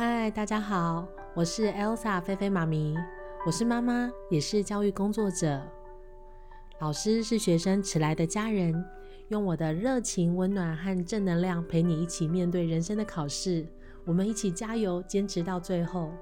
嗨，Hi, 大家好，我是 Elsa 菲菲媽咪，我是媽媽，也是教育工作者，老師是學生遲來的家人，用我的熱情、溫暖和正能量陪你一起面對人生的考試，我們一起加油，堅持到最後。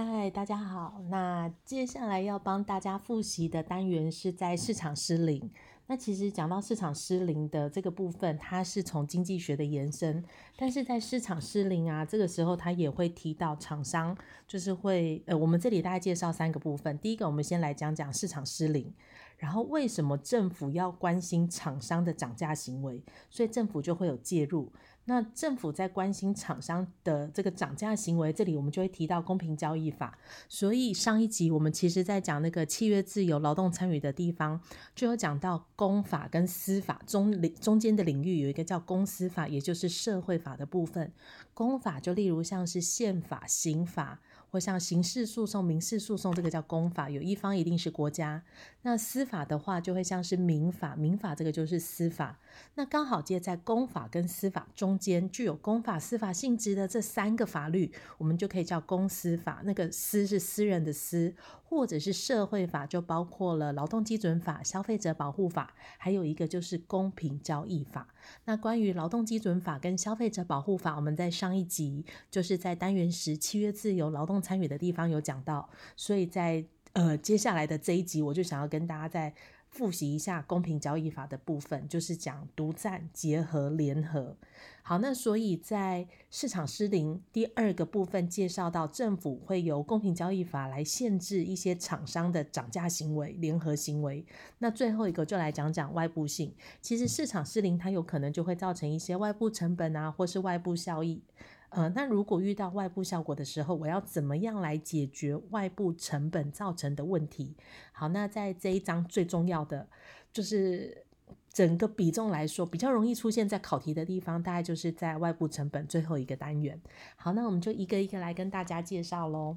嗨，Hi, 大家好。那接下來要幫大家複習的單元是在市場失靈。那其實講到市場失靈的這個部分，它是從經濟學的延伸。但是在市場失靈啊，這個時候它也會提到廠商，就是會呃，我們這裡大概介紹三個部分。第一個，我們先來講講市場失靈，然後為什麼政府要關心廠商的漲價行為，所以政府就會有介入。那政府在關心廠商的這個漲價行為，這裡我們就會提到公平交易法。所以上一集我們其實在講那個契約自由、勞動參與的地方，就有講到公法跟私法中中間的領域有一個叫公私法，也就是社會法的部分。公法就例如像是憲法、刑法或像刑事訴訟、民事訴訟，這個叫公法，有一方一定是國家。那私法的話，就會像是民法，民法這個就是私法。那剛好接在公法跟私法中間，具有公法、私法性質的這三個法律，我們就可以叫公私法。那個“私”是私人的私，或者是社會法，就包括了勞動基準法、消費者保護法，還有一個就是公平交易法。那關於勞動基準法跟消費者保護法，我們在上一集就是在單元十“契約自由、勞動參與”的地方有講到，所以在呃接下來的這一集，我就想要跟大家在。複習一下公平交易法的部分，就是講獨佔、結合、聯合。好，那所以在市場失靈第二個部分介紹到，政府會由公平交易法來限制一些廠商的漲價行為、聯合行為。那最後一個就來講講外部性。其實市場失靈它有可能就會造成一些外部成本啊，或是外部效益。呃，那如果遇到外部效果的時候，我要怎麼樣來解決外部成本造成的問題？好，那在這一章最重要的就是整個比重來說，比較容易出現在考題的地方，大概就是在外部成本最後一個單元。好，那我們就一個一個來跟大家介紹嘍。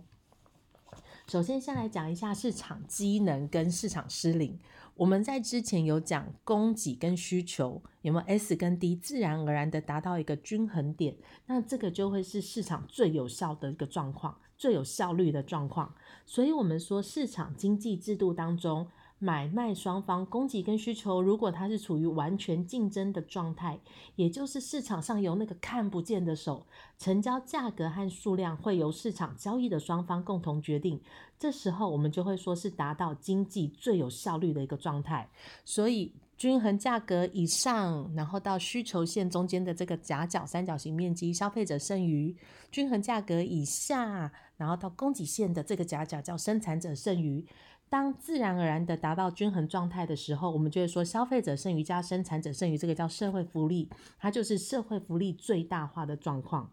首先，先來講一下市場機能跟市場失靈。我們在之前有講供給跟需求，有沒有 S 跟 D，自然而然的達到一個均衡點，那這個就會是市場最有效的一個狀況，最有效率的狀況。所以，我們說市場經濟制度當中。買賣雙方供給跟需求，如果它是處於完全競爭的狀態，也就是市場上有那個看不見的手，成交價格和數量會由市場交易的雙方共同決定。這時候我們就會說是達到經濟最有效率的一個狀態。所以均衡價格以上，然後到需求線中間的這個夾角三角形面積，消費者剩餘；均衡價格以下，然後到供給線的這個夾角叫生產者剩餘。當自然而然的達到均衡狀態的時候，我們就會說消費者剩餘加生產者剩餘，這個叫社會福利，它就是社會福利最大化的狀況。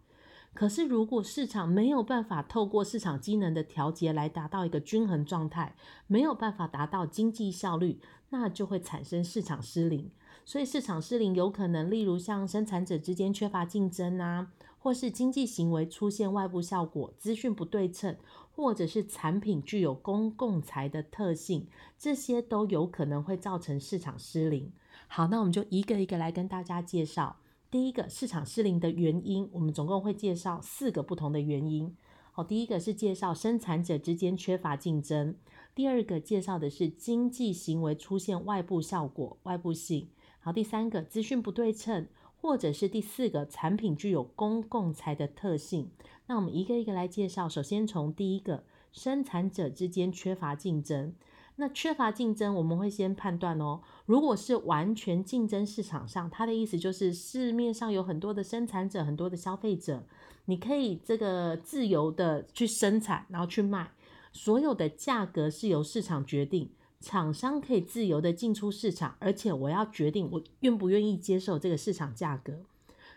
可是，如果市場沒有辦法透過市場機能的調節來達到一個均衡狀態，沒有辦法達到經濟效率，那就會產生市場失靈。所以，市場失靈有可能，例如像生產者之間缺乏競爭啊。或是經濟行為出現外部效果、資訊不對稱，或者是產品具有公共財的特性，這些都有可能會造成市場失靈。好，那我們就一個一個來跟大家介紹。第一個市場失靈的原因，我們總共會介紹四個不同的原因。好，第一個是介紹生產者之間缺乏競爭；第二個介紹的是經濟行為出現外部效果（外部性）；好，第三個資訊不對稱。或者是第四個，產品具有公共財的特性。那我們一個一個來介紹。首先從第一個，生產者之間缺乏競爭。那缺乏競爭，我們會先判斷哦，如果是完全競爭市場上，它的意思就是市面上有很多的生產者，很多的消費者，你可以這個自由的去生產，然後去賣，所有的價格是由市場決定。廠商可以自由地進出市場，而且我要決定我願不願意接受這個市場價格。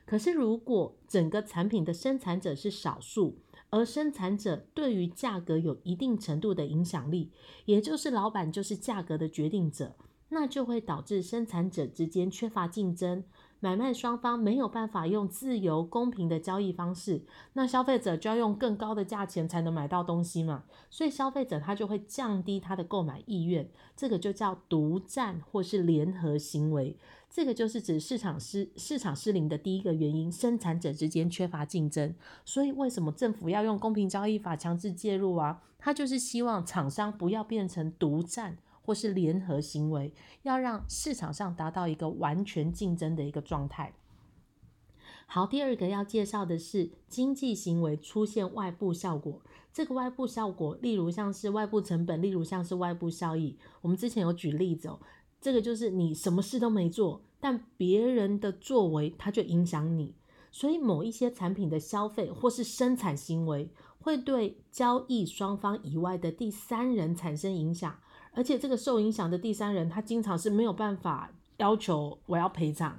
可是，如果整個產品的生產者是少數，而生產者對於價格有一定程度的影響力，也就是老板就是價格的決定者，那就會導致生產者之間缺乏競爭。買賣雙方沒有辦法用自由公平的交易方式，那消費者就要用更高的價錢才能買到東西嘛，所以消費者他就會降低他的購買意願，這個就叫獨佔或是聯合行為，這個就是指市場失，市場失靈的第一個原因，生產者之間缺乏競爭，所以為什麼政府要用公平交易法強制介入啊？他就是希望廠商不要變成獨佔，或是聯合行為，要讓市場上達到一個完全競爭的一個狀態。好，第二個要介紹的是經濟行為出現外部效果。這個外部效果，例如像是外部成本，例如像是外部效益。我們之前有舉例子哦，這個就是你什麼事都沒做，但別人的作為它就影響你。所以某一些產品的消費或是生產行為，會對交易雙方以外的第三人產生影響。而且這個受影響的第三人，他經常是沒有辦法要求我要賠償，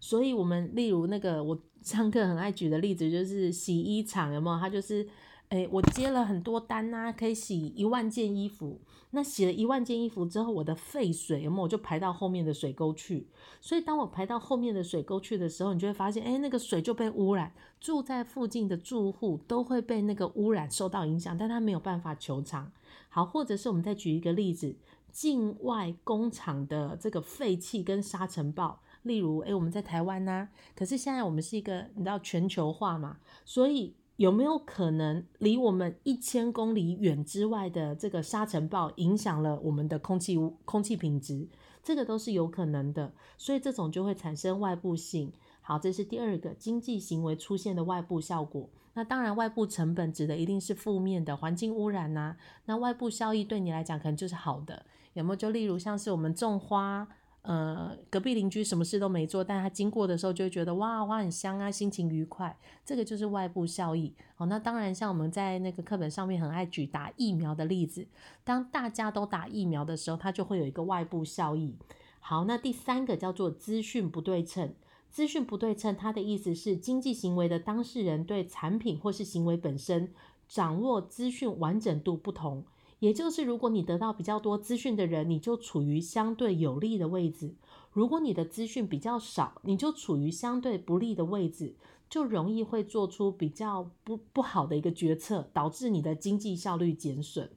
所以我們例如那個我上課很愛舉的例子，就是洗衣廠有沒有？他就是。哎、欸，我接了很多單吶、啊，可以洗一萬件衣服。那洗了一萬件衣服之後，我的廢水有沒有，我就排到後面的水溝去。所以當我排到後面的水溝去的時候，你就會發現，哎、欸，那個水就被污染。住在附近的住戶都會被那個污染受到影響，但他沒有辦法求償。好，或者是我們再舉一個例子，境外工廠的這個廢氣跟沙塵暴，例如，哎、欸，我們在台灣吶、啊，可是現在我們是一個你知道全球化嘛，所以。有沒有可能離我們一千公里遠之外的這個沙塵暴影響了我們的空氣空氣品質？這個都是有可能的，所以這種就會產生外部性。好，這是第二個經濟行為出現的外部效果。那當然，外部成本指的一定是負面的環境污染啊。那外部效益對你來講可能就是好的，有沒有？就例如像是我們種花。呃，隔壁鄰居什麼事都沒做，但他經過的時候就會覺得哇，花很香啊，心情愉快，這個就是外部效益。好，那當然像我們在那個課本上面很愛舉打疫苗的例子，當大家都打疫苗的時候，它就會有一個外部效益。好，那第三個叫做資訊不對稱，資訊不對稱它的意思是經濟行為的當事人對產品或是行為本身掌握資訊完整度不同。也就是，如果你得到比較多資訊的人，你就處於相對有利的位置；如果你的資訊比較少，你就處於相對不利的位置，就容易會做出比較不不好的一個決策，導致你的經濟效率減損。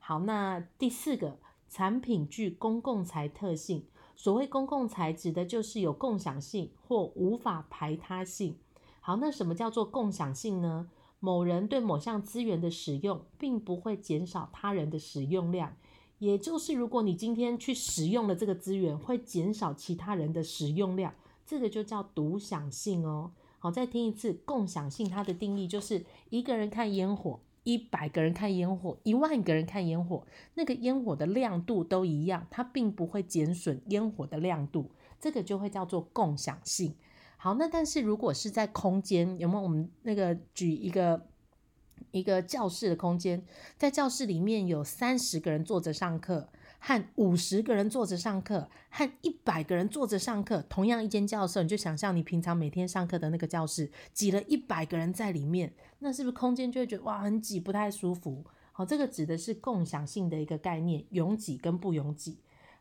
好，那第四個，產品具公共財特性。所謂公共財，指的就是有共享性或無法排他性。好，那什麼叫做共享性呢？某人對某項資源的使用，並不會減少他人的使用量。也就是，如果你今天去使用了這個資源，會減少其他人的使用量，這個就叫獨享性哦。好，再聽一次，共享性它的定義就是一個人看煙火，一百個人看煙火，一萬個人看煙火，那個煙火的亮度都一樣，它並不會減損煙火的亮度，這個就會叫做共享性。好，那但是如果是在空間，有沒有我們那個舉一個一個教室的空間，在教室裡面有三十個人坐着上課，和五十個人坐着上課，和一百個人坐着上課，同樣一間教室，你就想象你平常每天上課的那個教室，擠了一百個人在裡面，那是不是空間就會覺得，哇，很擠，不太舒服？好，這個指的是共享性的一個概念，擁擠跟不擁擠。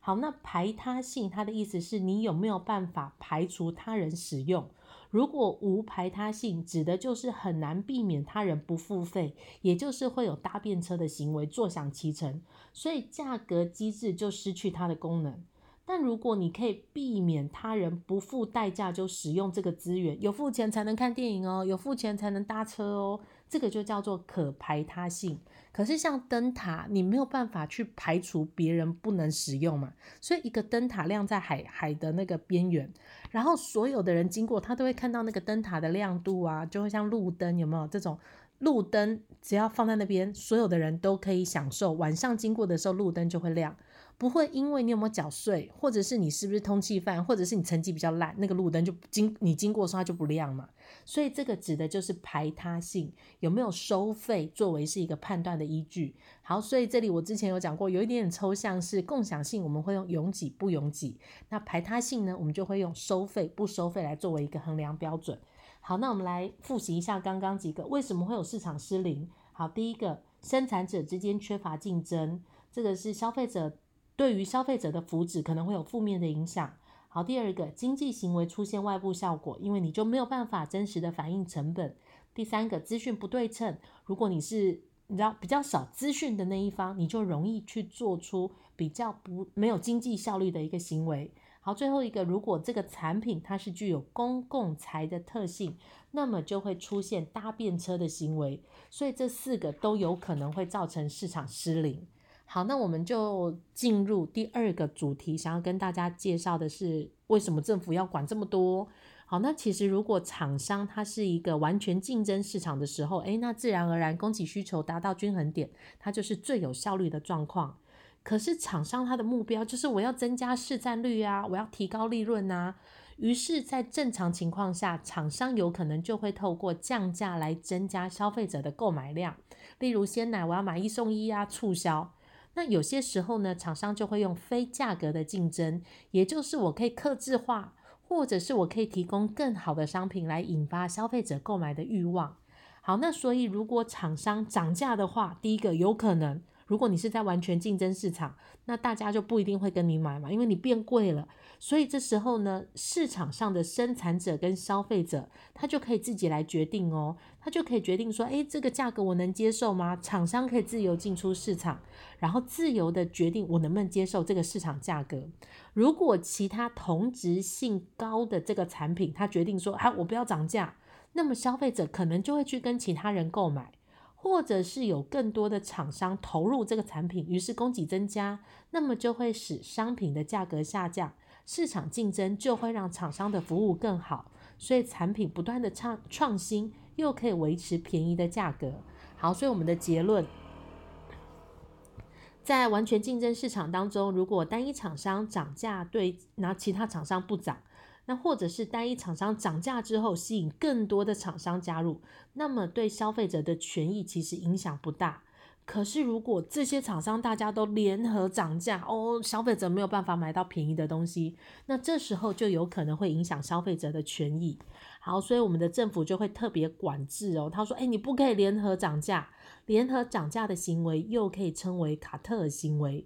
好，那排他性，它的意思是你有沒有辦法排除他人使用？如果無排他性，指的就是很難避免他人不付費，也就是會有搭便車的行為，坐享其成，所以價格機制就失去它的功能。但如果你可以避免他人不付代價就使用這個資源，有付錢才能看電影哦，有付錢才能搭車哦。這個就叫做可排他性，可是像燈塔，你沒有辦法去排除別人不能使用嘛，所以一個燈塔亮在海海的那個邊緣，然後所有的人經過，他都會看到那個燈塔的亮度啊，就會像路燈，有沒有？這種路燈只要放在那邊，所有的人都可以享受，晚上經過的時候，路燈就會亮。不會因為你有沒有繳稅，或者是你是不是通緝犯，或者是你成績比較爛，那個路燈就經你經過的時候它就不亮嘛。所以這個指的就是排他性，有沒有收費作為是一個判斷的依據。好，所以這裡我之前有講過，有一點點抽象，是共享性我們會用擁擠不擁擠。那排他性呢，我們就會用收費不收費來作為一個衡量標準。好，那我們來复習一下剛剛幾個為什麼會有市場失靈。好，第一個生產者之間缺乏競爭，這個是消費者。對於消費者的福祉可能會有負面的影響。好，第二個，經濟行為出現外部效果，因為你就沒有辦法真實的反映成本。第三個，資訊不對稱，如果你是你知道比較少資訊的那一方，你就容易去做出比較不沒有經濟效率的一個行為。好，最後一個，如果這個產品它是具有公共財的特性，那麼就會出現搭便車的行為。所以這四個都有可能會造成市場失靈。好，那我們就進入第二個主題，想要跟大家介紹的是為什麼政府要管這麼多？好，那其實如果廠商它是一個完全競爭市場的時候，哎，那自然而然供給需求達到均衡點，它就是最有效率的狀況。可是廠商它的目標就是我要增加市佔率啊，我要提高利潤啊。於是，在正常情況下，廠商有可能就會透過降價來增加消費者的購買量，例如鮮奶我要買一送一啊，促銷。那有些時候呢，廠商就會用非價格的競爭，也就是我可以客製化，或者是我可以提供更好的商品來引發消費者購買的慾望。好，那所以如果廠商漲價的話，第一個有可能。如果你是在完全競爭市場，那大家就不一定會跟你買嘛，因為你變貴了。所以這時候呢，市場上的生產者跟消費者，他就可以自己來決定哦，他就可以決定說，哎，這個價格我能接受嗎？廠商可以自由進出市場，然後自由的決定我能不能接受這個市場價格。如果其他同質性高的這個產品，他決定說，哎、啊，我不要漲價，那麼消費者可能就會去跟其他人購買。或者是有更多的廠商投入這個產品，於是供給增加，那麼就會使商品的價格下降，市場競爭就會讓廠商的服務更好，所以產品不斷的創創新，又可以維持便宜的價格。好，所以我們的結論，在完全競爭市場當中，如果單一廠商漲價，對，那其他廠商不漲。那或者是單一廠商漲價之後，吸引更多的廠商加入，那麼對消費者的權益其實影響不大。可是如果這些廠商大家都聯合漲價哦，消費者沒有辦法買到便宜的東西，那這時候就有可能會影響消費者的權益。好，所以我們的政府就會特別管制哦，他說，哎，你不可以聯合漲價，聯合漲價的行為又可以稱為卡特爾行為。